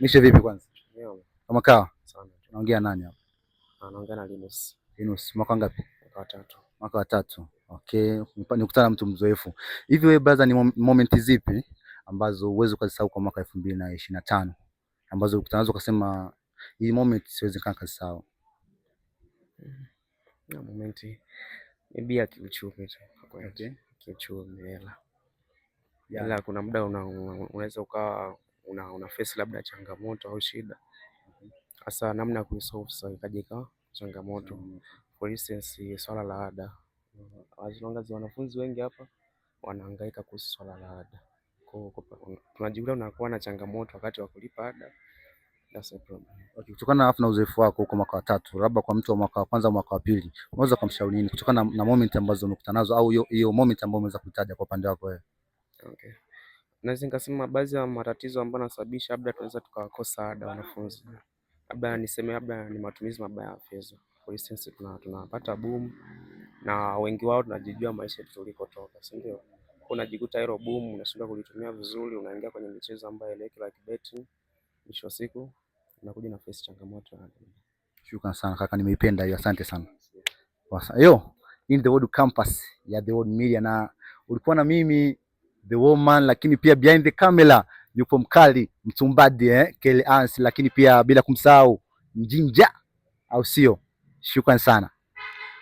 Nishe vipi kwanza? Kama kawa? Naongea nani hapa? Anaongea ah, na Linus. Linus, mwaka ngapi? Mwaka wa tatu. Mwaka wa tatu. Okay, nikutana na mtu mzoefu. Hivi wewe brother, ni momenti zipi ambazo huwezi ukazisahau kwa mwaka elfu mbili na ishirini na tano ambazo ulikutana nazo ukasema hii moment siwezi kaa kasahau? Na moment maybe ya kiuchumi tu. Okay. Kiuchumi hela. Hela kuna muda unaweza ukawa una, una face labda changamoto au shida, hasa namna ya kuisolve sasa ikaje kwa changamoto. Mm. For instance, swala la ada, as wanafunzi wengi hapa wanahangaika kuhusu swala la ada, tunajikuta unakuwa na changamoto wakati wa kulipa ada. Okay, kutokana na uzoefu wako huko mwaka wa tatu, labda kwa mtu wa mwaka wa kwanza, mwaka wa pili, unaweza kumshauri nini kutokana na, na moment ambazo umekutana nazo au hiyo moment ambayo umeweza kutaja kwa upande wako wewe? Okay naweza nikasema baadhi ya matatizo ambayo yanasababisha labda tunaweza tukawakosa ada wanafunzi, labda niseme, labda ni matumizi mabaya ya fedha. For instance, tuna tunapata boom na wengi wao tunajijua maisha tulikotoka, si ndio? Unajikuta hilo boom unashindwa kulitumia vizuri, unaingia kwenye michezo ambayo ile like betting, mwisho wa siku unakuja na face changamoto. Shukrani sana kaka, nimeipenda hiyo, asante sana. Hiyo in The World Campus ya The World Media na ulikuwa na mimi the woman, lakini pia behind the camera yupo mkali mtumbadi eh, Ans, lakini pia bila kumsahau Mjinja, au sio? Shukran sana.